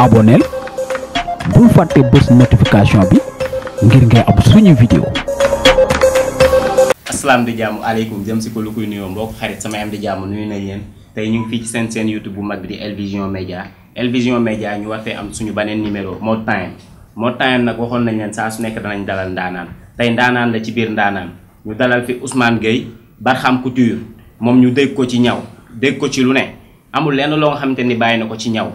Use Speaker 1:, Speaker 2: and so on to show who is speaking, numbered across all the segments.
Speaker 1: aboneel bul fàtte bés notification bi ngir ngay am suñu vidéo asalaam di jàmm aleykum jëm si ko lu koy nuyoo mbokk xarit samay am di jàmm nuyu nañ leen tey ñu ngi fii ci seen seen youtube bu mag bi di Elvision Média Elvision Média ñu war am suñu beneen numéro moo time moo time nag waxoon nañ leen saa su nekk danañ dalal ndaanaan tey ndaanaan la ci biir ndaanaan ñu dalal fi usmaan Gueye Barham Couture moom ñu dégg ko ci ñaw dégg ko ci lu ne amul lenn loo xamante ni bàyyi na ko ci ñaw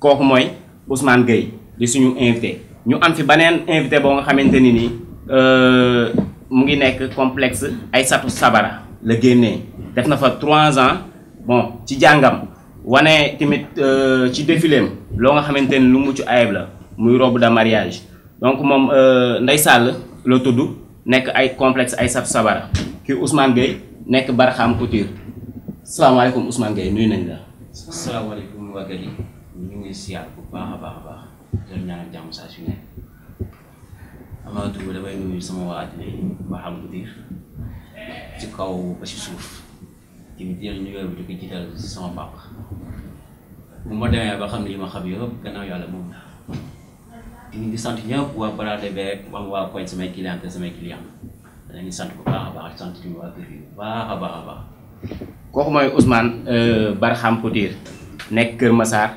Speaker 1: kooku mooy Ousmane Gueye di suñu invité ñu am fi beneen invité boo nga xamante ni nii euh, mu ngi nekk complexe Aïssatou Sabara la génnee def na fa trois ans bon ci jàngam wane tamit euh, ci défiléem loo nga xamante ni lu mucc ayib la muy robe de mariage donc moom euh, Ndeye Sall la tudd nekk ay complexe Aïssatou Sabara ki Ousmane Gueye nekk Barxam Couture salaamaaleykum Ousmane Gueye nuyu nañ la. salaamaaleykum waa ñuŋesi yàlla bu baax a baax a baax doon ñaanal jàmm saa su ne avant damay nuyu sama waa àddina yi ba xam bu diir ci kaw ba si suuf ci jël bi di ko jiital sama papa bu ma demee ba xam ne li ma xam yëpp gannaaw yàlla moom di ngi sant ñëpp waa baraade beeg waa waa koñ samay client te samay client dañuy sant bu baax a baax sant ñu waa kër yi baax a baax a baax kooku mooy Ousmane Barham Poutir nekk Kër Massar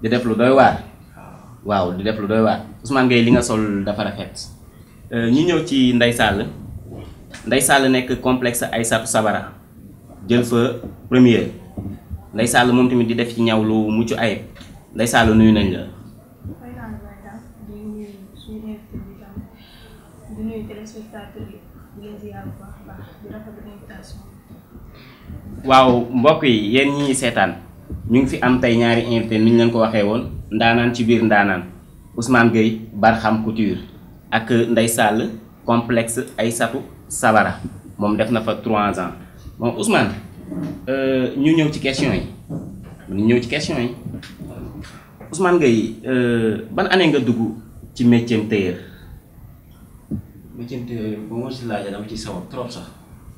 Speaker 1: di def lu doy waar. waaw di def lu doy waar Ousmane Gueye li nga sol dafa rafet. Euh, ñu ñëw ci Ndeye Sall Ndeye Sall nekk complexe Aïssatou Sabara jël fa premier Ndeye Sall moom tamit di def ci ñaw lu mucc ay Ndeye Sall nuyu nañ la. waaw mbokk yi yéen ñi seetaan. ñu ngi fi am tey ñaari invité ni ñu leen ko waxee woon ndaanaan ci biir ndaanaan Ousmane Gueye Barham Couture ak Ndeye complex ay satu Sabara moom def na fa trois ans moom Ousmane euh, ñu ñëw ci question yi ñu ñëw ci question yi Ousmane Gueye euh, ban année nga dugg ci métier tailleur. métier tailleur bu ma si laajee dama ci sawar trop sax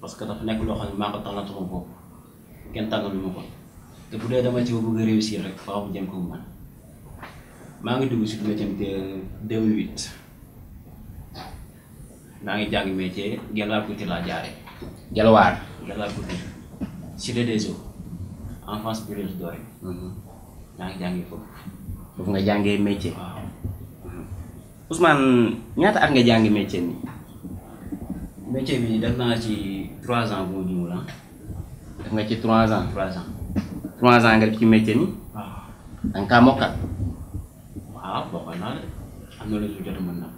Speaker 1: parce que dafa nekk loo xam ne maa ko tax na bopp kenn tàggalu ma ko. te bu dee dama ci bëgg a réussir rek faaw ma jëm ko man maa ngi dugg si lu ma jëm te 2008 maa ngi jàng métier Gelwaar Couture laa jaare Gelwaar Gelwaar Couture Cité des Eaux enfance Brioche Dorée mhm. maa ngi jàngee foofu nga jàngee métier waaw mhm. Ousmane ñaata at nga jàngi métier nii métier bi def naa ci trois ans bu mu juumul ah. def nga ci trois ans trois ans trois ans nga def ci métier ni da nga kaa mokkal. waaw bokkal naa de am na lu si jot a nag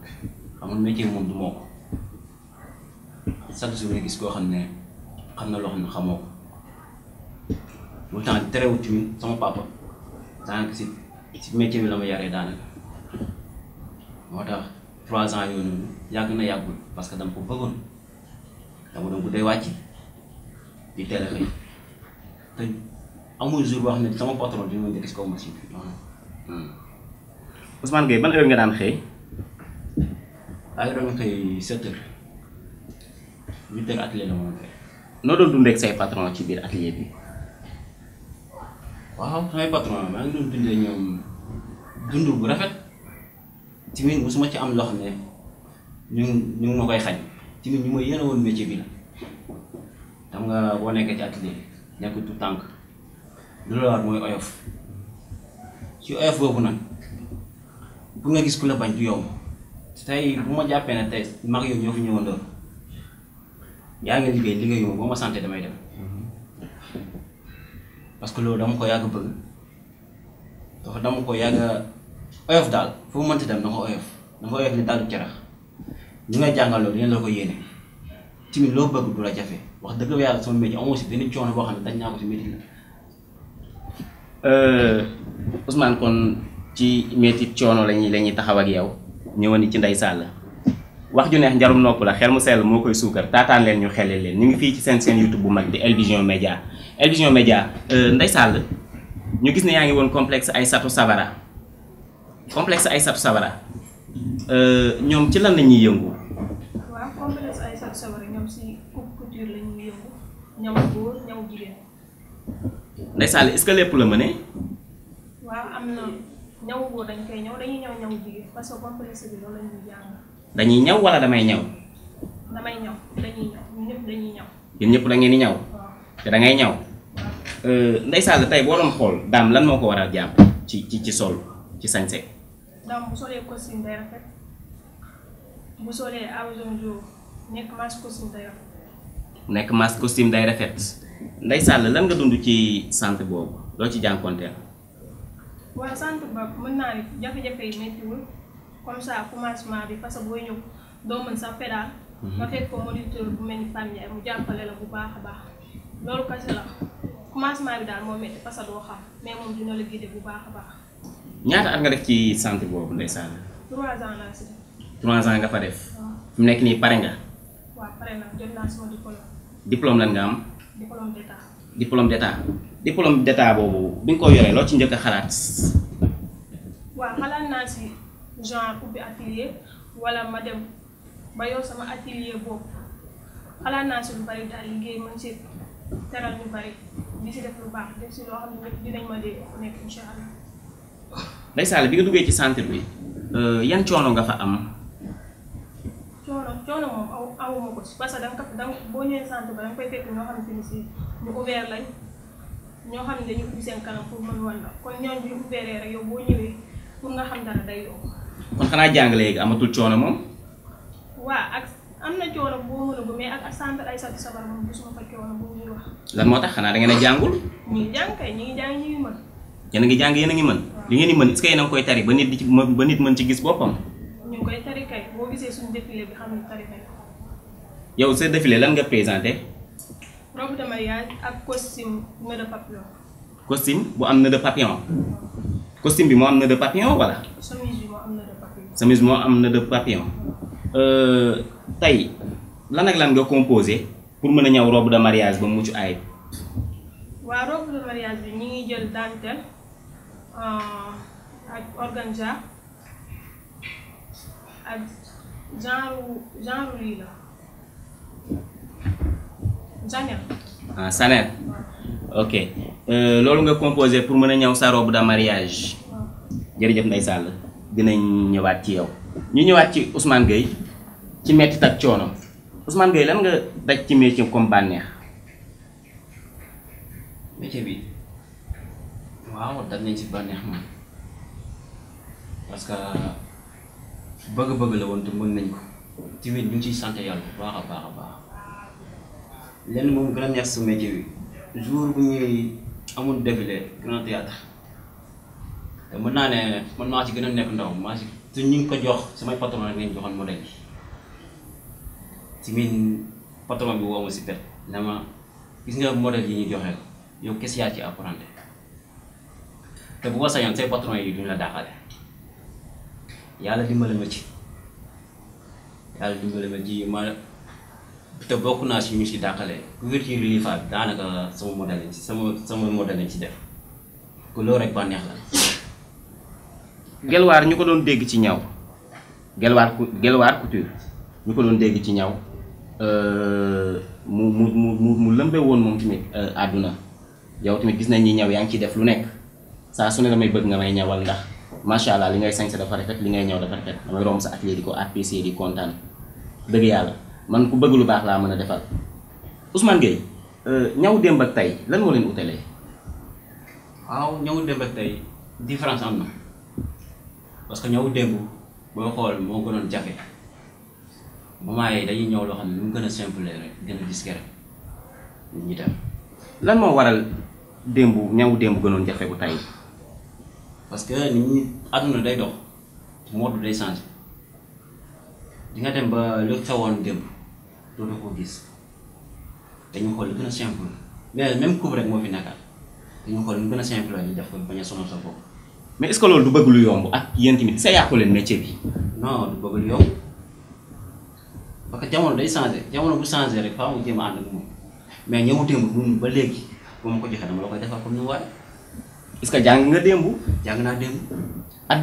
Speaker 1: xam nga métier moom du moo ko chaque ne xam na loo xam tax terewut tamit sama bi la ma yaree daanaka moo trois ans yooyu noonu yàgg na yàggul parce que dama ko bëggoon dama doon bu dee wàcc di teel xëy amul jour boo xam ne sama patron dina ma jëkk si kaw machine bi. Hmm. Ousmane Gueye ban heure nga daan xëy. ay doon xëy 7 heures 8 heures atelier la ma xëy. noo doon dundee ak say patron ci biir atelier bi. waaw samay patron bu rafet tamit mosuma ci am loo xam ne ñu ñu ngi ma koy xañ tamit ñu ma yéene woon métier bi la xam nga boo nekkee ci atelier tànk lu la war mooy oyof ci oyof boobu nag pour nga gis ku la bañ du yomb tey bu ma jàppee ne tey mag yow ñoo fi ñëwandoon yaa ngi liggéey liggéeyuma boo ma santé damay dem parce que loolu dama ko yàgg bëgg dama ko yàgg oyof daal foo mënti dem danga oyof danga oyof ni daal jarax ñu nga jàngal loolu dinañ la ko yéene tamit loo bëgg du la jafe wax dëgg yàlla sama métier amoo si benn coono boo xam ne dañ naa ko si métier la Euh, Ousmane kon ci métti coono lañuy la ñuy taxaw ak yow ñëwani ci Ndeye Sall wax ju neex njarum nopp la xel mu sell moo koy suukar taataan leen ñu xelel leen ñu ngi fii ci seen seen YouTube bu mag di El Vision Média El Vision Média euh, Ndeye Sall ñu gis ne yaa ngi woon ay Aïssatou Sabara complexe Aïssatou Sabara euh, ñoom ci lan la ñuy yëngu.
Speaker 2: waaw complexe Aïssatou Sabara ñoom si couture la ñuy yëngu ñaw góor ñaw jigéen.
Speaker 1: Ndeye Sall est-ce lépp la mëne.
Speaker 2: waaw am na ñaw dañ koy ñaw dañuy ñaw ñaw jigéen
Speaker 1: dañuy ñaw wala damay ñaw.
Speaker 2: damay ñaw dañuy ñëpp dañuy ñaw.
Speaker 1: ñëpp da di ñaw. te dangay ngay ñaw. Euh, Ndeye Sall tey boo doon xool daam lan moo ko war a jàpp ci ci ci sol ci sañse.
Speaker 2: daam bu solee costume day rafet bu solee abajom jour nekk masque
Speaker 1: nekk masque costume day rafet. Ndeye Sall lan nga dund ci centre boobu loo ci jànkonteel.
Speaker 2: waaw centre boobu mën naa ne jafe-jafe yi méttiwul comme ça commencement bi parce que booy ñëw doo mën sax pédal. Mhm. mu jàppale la bu baax a baax loolu kese la commencement bi daal moo métti parce doo xam mais moom dina la guider bu baax a baax.
Speaker 1: ñaata at nga def ci centre boobu Ndeye Sall. trois ans nga fa def. mu nekk nii pare nga. waaw lan nga am. diplôme d' état. diplôme boobu bi nga ko yoree loo ci njëkk a xalaat.
Speaker 2: waaw xalaat naa si genre ubbi atelier wala ma dem ba yow sama atelier boobu xalaat naa si lu bari daal liggéey man si teral lu bari di si def lu baax def si loo xam ne dinañ ma dee ku nekk incha allah.
Speaker 1: ndeysaan bi nga duggee ci centre bi euh, yan coono nga fa am.
Speaker 2: coono coono moom aw awuma ko ci parce que da nga ko da nga boo ñëwee centre ba da nga koy fekk ñoo xamante ni si ñu ouvert lañ ñoo xam ne dañu ubbi seen kanam pour mën wan la kon ñooñu bu ouvertee rek yow boo ñëwee pour nga xam dara day yomb.
Speaker 1: kon xanaa jàng léegi amatul coono moom.
Speaker 2: waa ak am na coono boo bu mais ak ak centre ay sabar moom gisuma fa coono boo ñuy wax.
Speaker 1: lan moo tax da ngeen a jàngul.
Speaker 2: ñu ngi kay ñu ngi jàng ñu
Speaker 1: ngi ngi jàng yéen ngi mën. li ngeen est ce que tari ba nit ba nit
Speaker 2: gisee suñu défilé bi xam ne tari nañ
Speaker 1: yow sa défilé lan nga présenté.
Speaker 2: robe de mariage ak costume nœud de papillon.
Speaker 1: costume bu am nœud de papillon. costume bi mo am nœud de papillon wala.
Speaker 2: chemise mo moo am nœud de
Speaker 1: papillon. chemise mo am nœud de papillon. Euh, tay lan ak lan nga composé pour mën ñaw robe de mariage ba mucc ay wa
Speaker 2: robe de mariage bi ñi ngi jël dentelle euh, ak organza ak. genre genre lii la. Chanel.
Speaker 1: Ah, ok euh, loolu nga composé pour mën a ñëw sa robe de mariage. jërëjëf Ndeye sàll dinañ ñëwaat ci yow. ñu ñëwaat ci Ousmane Gueye ci mettit ak coono Ousmane Gueye lan nga daj ci métier comme bànneex. métier bi waaw daj nañ ci bànneex moom parce bëgg-bëgg la woon te mën nañ ko tamit ñu ngi ciy sant yàlla bu baax a baax a baax lenn moom gën a su métier yi jour bu ñuy amul défilé grand théâtre te mën naa ne man maa ci gën a nekk ndaw maa ci te ñu ngi ko jox samay patron rek ngeen joxoon modèle bi tamit patron bi woo ma si pet na ma gis nga modèle yi ñu joxe ko yow kes yaa ci apprendre te bu ko sañoon say patron yi duñ la daaxale yàlla dimbale ma ci yàlla dimbale ma ci ma te bokk naa si ñu si dàqale couverture liifaat daanaka sama modèle ci sama sama modèle ci def ku loolu rek bànneex la gelwaar ñu ko doon dégg ci ñaw gelwaar ku gelwaar couture ñu ko doon dégg ci ñaw mu mu mu mu lëmbe woon moom tamit àdduna yow tamit gis nañ ñi ñaw yaa ngi ciy def lu nekk saa su ne damay bëgg nga may ñawal ndax macha allah li ngay sañ sa dafa rafet li ngay ñew dafa rafet dama rom sa atelier diko apc di contane deug yalla man ku bëgg lu baax la mëna defal Ousmane euh ñaw demb ak tay lan mo leen utalee aw ñaw demb ak tay différence amna parce que ñaw demb bo xol mo gënon jafé moment yi dañuy ñew lo xamni ne nu mu gën simple rek gëna a discret ñi tam lan mo waral dembu ñaw dembu gënon jafe bu tay parce que nit ñi àdduna day dox mode day changé di dem ba lu xewoon démb dootu ko gis dañu xool mais même coupe rek moo fi dañu xool lu gën a simple la ñu ko bañ a sonal sa bopp. mais est du bëgg lu yomb ak yéen tamit sa yàqu leen métier bi. non du bëgg lu yomb parce que jamono day changé jamono bu changé rek faaw mu jéem ànd ak moom mais ñëw démb bu ba léegi bu ma ko joxee dama la koy defar comme ni mu iska jangan nggak nga jangan ada naa démb.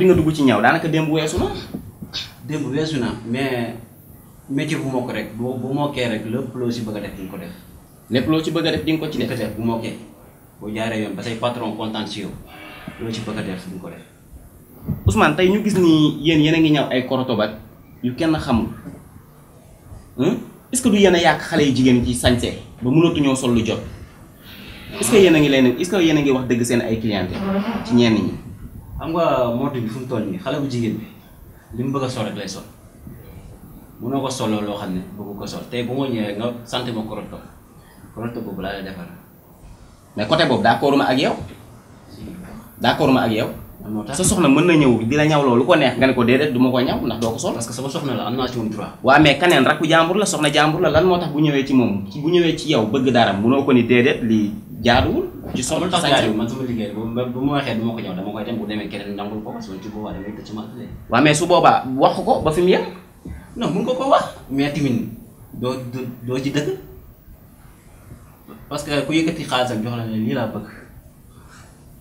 Speaker 1: nggak dugu nga udah ci ñaw daanaka démb weesu na. démb weesu na mais métier bu mokk rek bu bu mokkee rek lépp loo si bëgg a def di ko def. lépp loo ci bëgg a def di ko ci def. bu mokkee boo jaaree yoon ba say patron content si yow loo ci bëgg def ni yen yéen a ekor ñaw ay korotobak yu kenn xamul est ce que du yéen a yàq yi jigéen ci ba est-ce que yéen ngi leen est-ce que yéen ngi wax deug sen ay client ci ñen ñi xam nga modde bi fu toll nii bu jigen bi li bëgg sol rek lay sol mënoo ko soloo lo xamne bëgg ko sol tay bu mo ñëw nga santé mo koroto ko bu boobu laa defal mais côté boobu d'accord ma ak yow d'accord ma ak yow sa soxna mën na ñëw di la ñaw loolu ko neex nga ne ko déedéet duma ko ñaw ndax do ko sol parce que sama soxna la amna ci woon droit wa mais kaneen rakku jambour la soxna jambour la lan motax bu ñëwé ci moom bu ñëwé ci yow bëgg dara mënoo ko ni déedéet li jaaduwul ci sol tax jaaduwul man sama liggéey ba bu ma waxee duma ko ñëw dama koy dem bu demee keneen nangul ko parce que ci boobaa damay tëcc maa tëlee waaw mais su boobaa wax ko ba fi mu yem non mun ko ko wax mais timin doo doo ci dëgg parce que ku yëkkati xaalisam jox la ne lii laa bëgg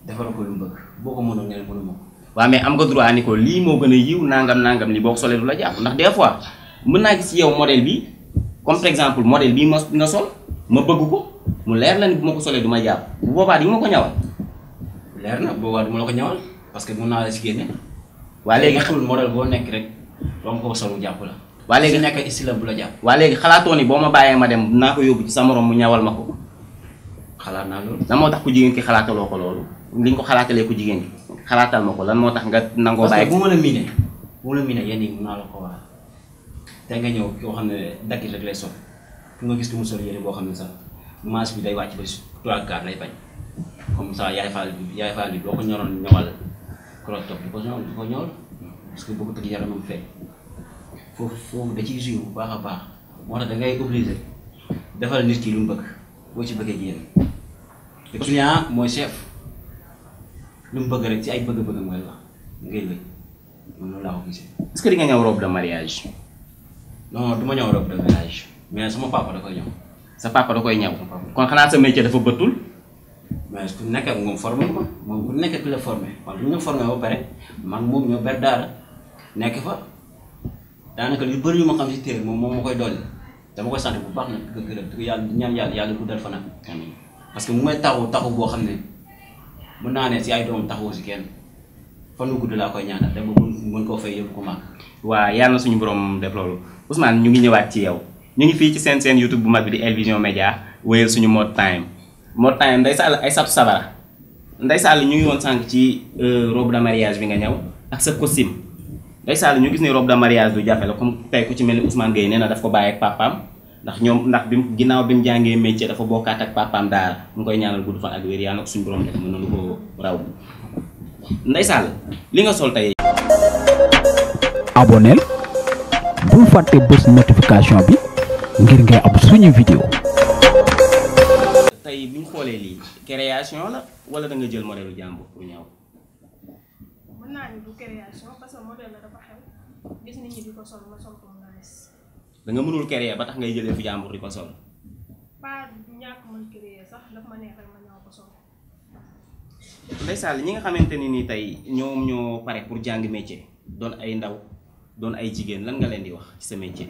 Speaker 1: defal ko lu bëgg boo ko mënoon ngeen mënu ma mais am nga droit ni ko lii moo gën yiw nangam nangam li boo ko solee du la jàpp ndax des fois mën gis yow bi comme par exemple bi ma nga sol ma bëgg ko mu leer na ni bu ma ko solee du ma bu boba di nga ko ñawal. leer na bo du ma la ko ñawal parce que mu na la ci génne. wa léegi xamul modèle bo nek rek ba ko solo jàpp la. wa léegi nek islam bu la jàpp. wa léegi xalaato ni boma ma bàyyee ma dem na ko yóbbu ci sa morom mu ñawal mako ko. xalaat naa loolu. lan tax ku jigen ki xalaataloo loko loolu li nga ko xalaatalee ku jigen ki xalaatal mako lan motax nga nango baye bu mo la miné bu la miné yéen yi mun la ko wa da nga ñew ko xam dakki rek lay sopp nga gis ko mu solo yére bo xam sa masse bi day wàcc ba trois quarts lay bañ comme ça yaay faal bi yaay faal bi boo ko ñoroon ñowal crop top di ko ñor di ko ñor parce que boo ko tëgg yaramam fee foofu foofu da ciy joué bu baax a baax moo tax da ngay obligé defal nit ki lu mu boo ci bëggee génn mooy chef lu bëgg rek ci ay bëgg-bëgg loolu laa ko gisee. de mariage. non du ñëw robe de mariage mais sama papa sa papa da koy ñaw. kon xanaa sa métier dafa bëttul. mais ku nekk ak moom formé ma moom ku nekk ki la formé man nekk fa daanaka lu bëri yu ma xam si téere moom moom koy dolli dama ko gërëm di ko yàlla ñaan yàlla yàlla fa parce que mu may taxaw taxaw boo xam ne mën naa ne si ay doom taxawoo si kenn fan gudd laa koy ñaanal koo fay yëpp ko màgg. waa yàlla na suñu borom def loolu Ousmane ñu ngi ñëwaat ci yow. ñu ngi fi ci sen sen youtube bu mag bi di elvision media wayel suñu mode time mode time ndey sàll ay sap sabara ndey sàll ñu ngi won sank ci euh, robe de mariage bi nga ñew ak sa costume ndey sàll ñu gis ne robe de mariage du jafe la comme tay ku ci melni Ousmane Gueye neena daf ko baye ak papam ndax ñom ndax bim ginaaw bim mu jàngee métier dafa bokkat ak papam daal mu koy ñaanal guddu fan ak wér yàlla ko suñu borom def mu noonu ko raw ndey sàll li nga sol tay abonnel bu fàtte bés notification bi ngir ngay am suñu vidéo tey biñ xolé li création la wala da nga jël modèle jambo pour ñaw
Speaker 2: mën naa ni du création parce que modèle la dafa xew gis nit ñi diko sol ma sol ko mu
Speaker 1: nice da nga mënul créer ba tax ngay jël fi jambo diko sol
Speaker 2: pa ñak mën créer sax daf ma neex rek ma ñaw ko sol
Speaker 1: ndeysaan ñi nga xamanteni ni tay tey ñoom ñoo paré pour jang métier don ay ndaw don ay jigen lan nga len di wax ci sa métier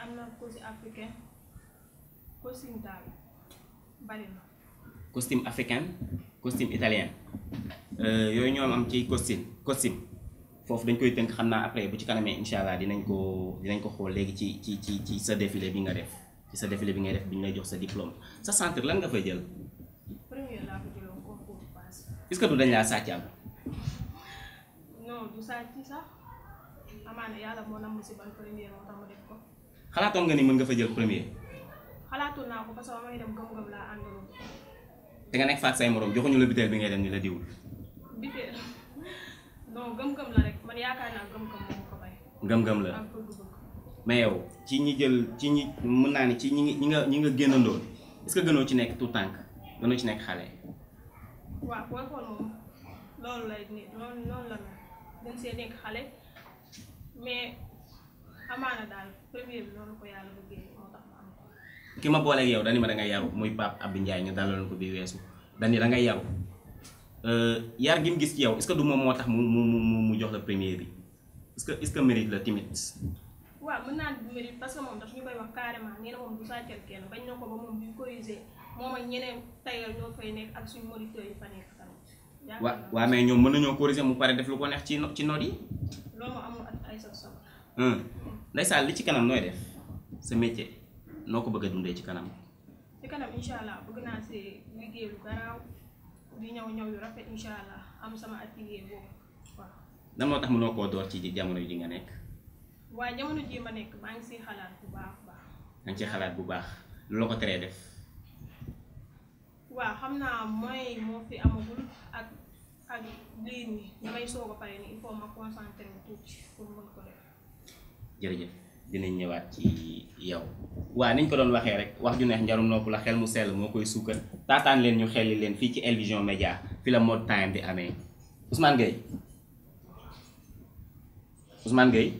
Speaker 2: am na costume africain costume daal
Speaker 1: italien euh, yooyu ñoom am ci costume costume foofu dañ koy tënk xam naa après bu ci kanamee incha allah dinañ ko dinañ ko xool léegi ci ci ci ci sa défilé bi nga def ci sa défilé bi ngay def bi ñu lay jox sa diplôme sa centre lan nga fay jël.
Speaker 2: premier laa ko jëloon concours pass.
Speaker 1: est-ce que du dañ laa sàccaal.
Speaker 2: non du sàcc sax amaana yàlla moo namm si ban premier moo tax mu def ko.
Speaker 1: xalaatoon nga ni mën nga fa jël premier.
Speaker 2: xalaatoon naa ko parce que may dem gëm-gëm laa àndaloon.
Speaker 1: te nga nekk faak say morom joxuñu la bitel bi ngay dem ni la diwul.
Speaker 2: bitel non gëm-gëm la rek man yaakaar naa gëm-gëm moo ko bay.
Speaker 1: gëm-gëm la mais yow ci ñi jël ci ñi mën naa ni ci ñi ñi nga ñi nga génnandoo est-ce que gënoo ci nekk tout tànk gënoo ci nekk xale.
Speaker 2: waaw booy xool moom loolu lay noonu noonu la gën see nekk xale mais amaana daal. premier bi loolu ko yàlla bëggee moo tax ma am ko.
Speaker 1: ki ma booleeg yow dani ma da nga yaru muy Pape Abdi Ndiaye ñu dalaloon ko bii weesu dani da nga yaru euh, yar gi mu gis ci yow est-ce que du moom moo tax mu mu mu mu jox la premier bi est que est que mérite la timide.
Speaker 2: waaw mën naa du mérite parce moom daf ñu koy wax carrément nee na moom du sàccal kenn bañ na ko ba moom bu corriger moom ak ñeneen tayal ñoo fay nekk ak suñu moniteur yi fa nekk tamit. waaw waaw mais
Speaker 1: ñoom mu pare def ko neex ci no ci notes yi. ndeysaan li ci kanam noy def ce métier noko bëgg dundé ci kanam.
Speaker 2: ci kanam inshallah allah bëgg na ci liggéey lu garaaw di ñëw ñëw yu rafet inshallah allah am sama atelier bo wa
Speaker 1: dama tax mënoo koo door ci jamono ji nga nek
Speaker 2: wa jamono ji ma nek ma ngi ci xalaat bu baax baax.
Speaker 1: nga ci xalaat bu baax lu lako téré def.
Speaker 2: wa xamna moy mo fi amagul ak ak lii ni may soga paré ni il faut ma concentré tuuti pour mën ko def
Speaker 1: jërëjëf dinañ ñëwaat ci yow iya. waa niñ ko doon waxee rek wax ju neex njarum nopp la xel mu sell moo koy suukar taataan leen ñu xelli leen fii ci Elvision Média fi la mode time di amee Ousmane Gueye Ousmane Gueye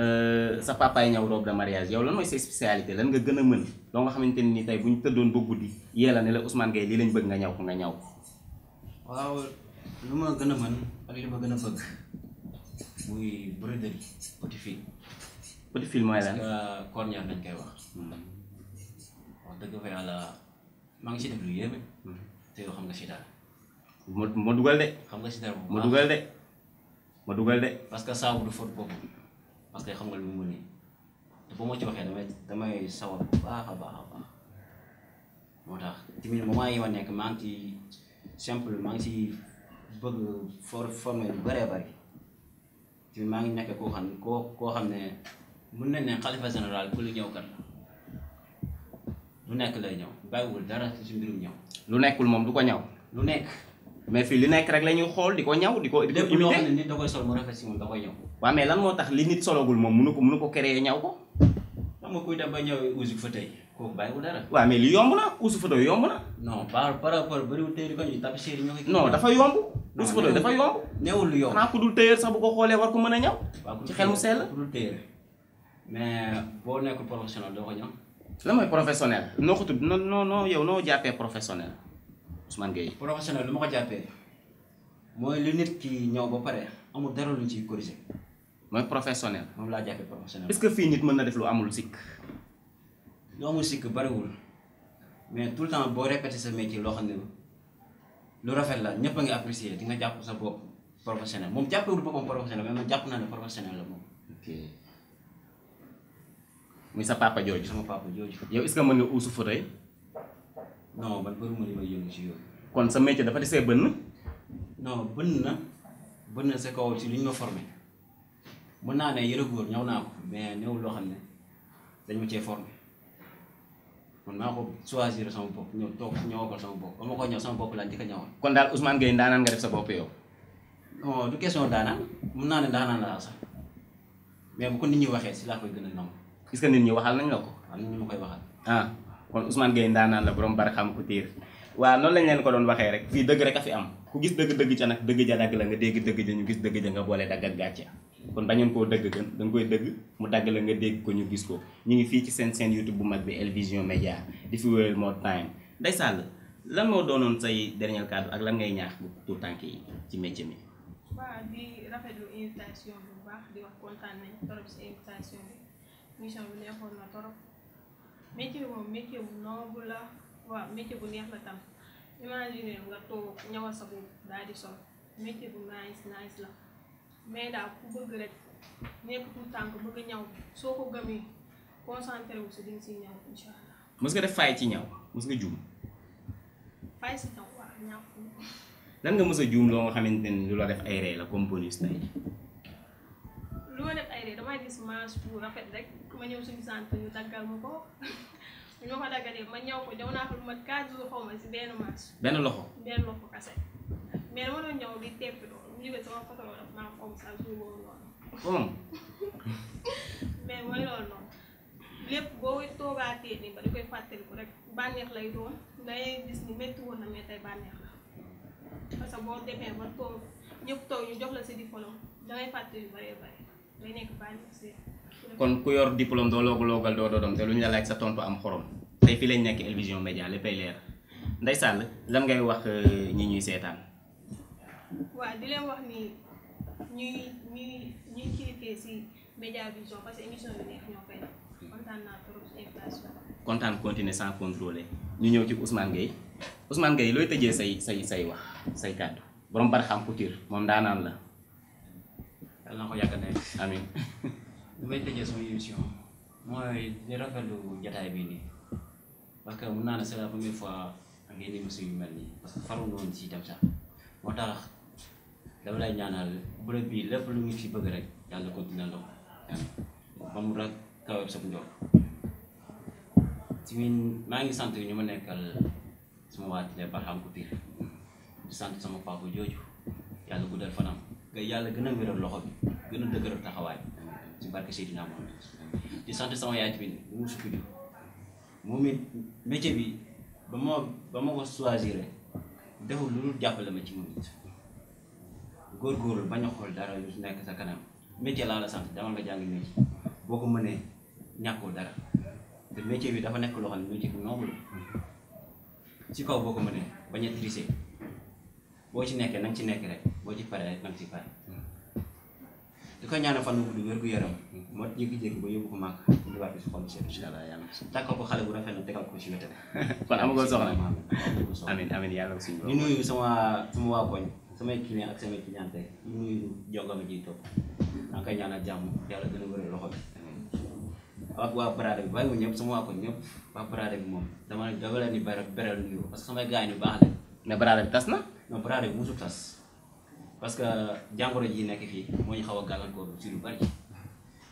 Speaker 1: euh, sa papaay ñaw robe de mariage yow lan mooy sa spécialité lan nga gën a mën loo nga xamante ni tey bu ñu tëddoon ba guddi yee la ne la Ousmane Gueye lii lañ bëgg nga ñaw ko nga ñaw ko waaw lu ma gën a mën ak li ma gën a bëgg muy broderie haute fille Odifil mooy lan parce que euh, koy wax. Hmm. wax dëgg fa yàlla
Speaker 2: maa ngi si def lu yéeme.
Speaker 1: ma hmm. ma dugal xam nga si dara bu ma parce que saabu du fóot bopp parce que xam nga lu mu mën te bu ma ci damay sawar bu baax a baax a baax moo tax tamit moment yi ma nekk maa ngi ci simple maa ngi ci bëgg for former lu bëree bëri maa ngi nekk koo xam ne. mun nañ ne xalifa général ku lu ñëw kat lu nekk lay ñëw bàyyiwul dara ci mbirum ñëw. lu nekkul moom du ko ñaw. lu nekk. mais fii li nekk rek la ñuy xool di ko ñaw di ko. di ko imiter lépp loo xam ne nit da koy sol mu rafet si moom da koy ñaw. waaw mais lan moo tax li nit sologul moom mënu ko mënu ko créer ñaw ko. xam nga kuy dem ba ñëw usu fauteuil kooku bàyyiwul dara. waaw mais li yomb na usu fauteuil yomb na. non par par rapport bëriwul tëyër ko ñu tapissier ñoo koy. non dafa yomb. usu fauteuil dafa yomb. néewul lu yomb xanaa ku dul tëyër sax bu ko xoolee war ko mën a ñaw. ci xel mu sell ku dul tëyër mais boo nekkul professionnel doo ko ñam. lan mooy professionnel noo ko tudd noo noo noo yow noo jàppee professionnel Ousmane Gueye. professionnel lu ma ko jàppee mooy lu nit ki ñëw ba pare amul dara lu ñu ciy corriger. mooy professionnel. moom laa jàppee professionnel. est que fii nit mën na def lu amul sikk. lu amul bariwul mais tout le temps boo répété sa métier loo xam ne lu rafet la ñëpp a ngi apprécier nga jàpp sa bopp professionnel moom jàppewul boppam professionnel mais man jàpp naa ne professionnel la moom. ok. muy sa papa jooju. sama papa jooju. yow est-ce que mën nga uusu fauteuil. non man bëruma li may yëngu ci yooyu. kon sa métier dafa desee bënn. non bënn na bën na sa kaw ci li ñu ma formé mën naa ne yëre ñëw naa ko mais néew loo xam ne dañ ma cee formé man maa ko choisir sama bopp ñëw toog ñëwoo ko sama bopp ba ma ko kon daal Ousmane Gueye sa bopp yow. non du ne daanaan mais bu ko nit waxee si laa koy gën a nangu. gis nga nit ñi waxal nañ la ko. am na ñu ma koy waxal. ah kon Ousmane Gueye ndaanaan la borom barxam ko tiir waaw noonu lañ leen ko doon waxee rek fii dëgg rek a fi am ku gis dëgg-dëgg ca nag dëgg ja dagg la nga dégg dëgg ja ñu gis dëgg ja nga boole dagg ak gàcce kon bañoon koo dëgg gën da koy dëgg mu dagg la nga dégg ko ñu gis ko ñu ngi fii ci seen seen YouTube bu mag bi El Média di fi wéyal moo time Ndeye Sall lan moo doonoon say dernier ak lan ngay ñaax bu tànk ci métier
Speaker 2: mission bi neexoon na torop métier moom métier bu noble la waaw métier bu neex la tam imaginer nga toog ñawal sa sol métier bu nice nice la mais daal ku bëgg rek nekk tout tànk bëgg ñaw soo ko gëmee concentré si di si ñaw incha allah.
Speaker 1: mës nga def fay ci ñaw mës nga juum.
Speaker 2: fay si ñaw waaw ñaw.
Speaker 1: lan nga mës a juum loo nga xamante ne lu la def ay la comme bonus
Speaker 2: lu ma def ay ree damay gis manche bu rafet rek ma ñëw suñu sant ñu daggal ma ko ñu ma ko daggalee ma ñëw ko ñëw naa ko lu mat 4 jours xaw ma si benn loxo benn loxo kase mais dama doon ñëw di teppi loolu mu jógee sama photo daf maa xaw ma saa suñu boobu boo toogaatee nii ba di koy fàttaliku rek bànneex lay doon dangay gis ni métti na mais tey bànneex que boo demee ba toog ñëpp toog ñu jox la si diplôme dangay fàtte yu bëree bëri. kon
Speaker 1: ku yor diplôme doo loogu loogal doo doodom te lu ñu la laaj sa tontu am xorom tey fii lañ nekk El Vision Médias léppay leer Ndeye Sall lan ngay wax euh, ñi ñuy seetaan.
Speaker 2: waaw di leen wax ni ñuy ñuy si Média parce que émission bi neex ñoo koy kontaan naa trop
Speaker 1: continuer sans contrôler ñu ñëw ci Ousmane Gueye Ousmane Gueye looy tëjee say say say wax say kàddu borom barxam couture moom daanaan la. yàlla na ko yàgg nekk amiin bu may tëjee sama émission mooy di rafetlu jotaay bi nii parce que mu naa ne c'est la première fois ngeen di nii parce que faru woon si itam sax moo tax dama lay ñaanal bërëb bi lépp lu ngi fi bëgg rek yàlla continué na ba mu rag kaweeb sa njool si maa ngi sant ñu ma nekkal sama waatile Barham Couture di sant sama papa jooju yàlla guddal fanam nga yàlla gën a wéral loxo bi gën a dëgëral taxawaay ci barke Seydina Muhammad di sant sama yaay tamit bu mu sukkandiku moom it métier bi ba ma ba ma ko choisir deful lu dul jàppale ma ci moom it góorgóorlu bañ a xool dara lu nekk sa kanam métier laa la sant dama nga jàng métier boo ko mënee ñàkkoo dara te métier bi dafa nekk loo xam ne métier bu noble ci kaw boo ko mënee bañ a tricher boo ci nekkee na nga ci nekk rek boo ci paree rek na ci pare di ko ñaanal fan bu gudd wér gu yaram moo jékki-jékki ba yóbbu ko màkk di waat bi si xol bi seet yàlla tàkkal ko xale bu rafet na tegal ko ci wetam ko suñu ñu jàmm yàlla gën a wëral loxo ñëpp sama waa bi moom dama dama leen di beral beral nuyu parce que samay gars baax la mais Barada tas na non brader wusu tas parce que jàngoro ji nekk fii mooy ñu xaw a gàllankoor ci lu bari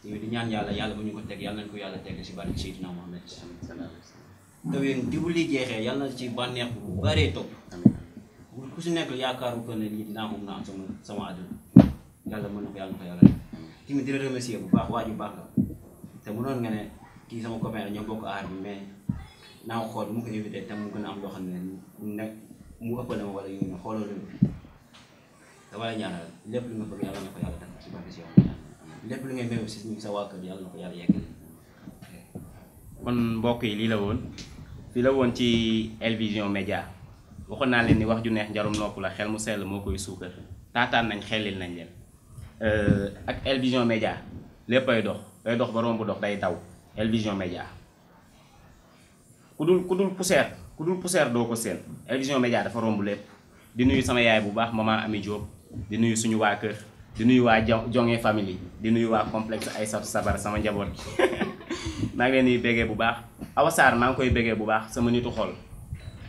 Speaker 1: yooyu di ñaan yàlla yàlla bu ñu ko teg yàlla nañ ko yàlla teg si barke Seydina Mohamed taw yéen diw li ci bànneex bu baree topp ku si nekk yaakaaru ko ne lii dinaa moom naa am sama sama bu baax waa ju te mënoon nga ne kii sama copain la ñoo bokk aar bi mais naa ko mu ko invité te mu gën a am loo xam ne nekk mu ëppale ma wala yooyu kon mbokk yi lii la woon lii la woon ci Elvision Média waxoon naa leen ni wax ju neex njarum nopp la xel mu sell moo koy suukar taataan nañ xellil nañ leen euh, ak Elvision Média lépp ay dox day dox ba bu dox day daw Elvision Média ku dul ku dul poussière ku dul poussière doo ko seen El Vision Médias dafa romb lépp di nuyu sama yaay bu baax maa Ami Diop di nuyu suñu waa kër di nuyu waa Jonge famille di nuyu waa complexe ay sab sabar sama njaboot maa ngi leen di bu baax Awa Sarr maa ngi koy béggee bu baax sama nitu xol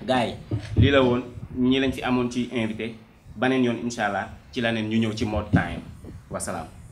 Speaker 1: gars yi lii la woon ñi lañ fi amoon ci invité baneen yoon incha allah ci la neen ñu ñëw ci mode time wasalaam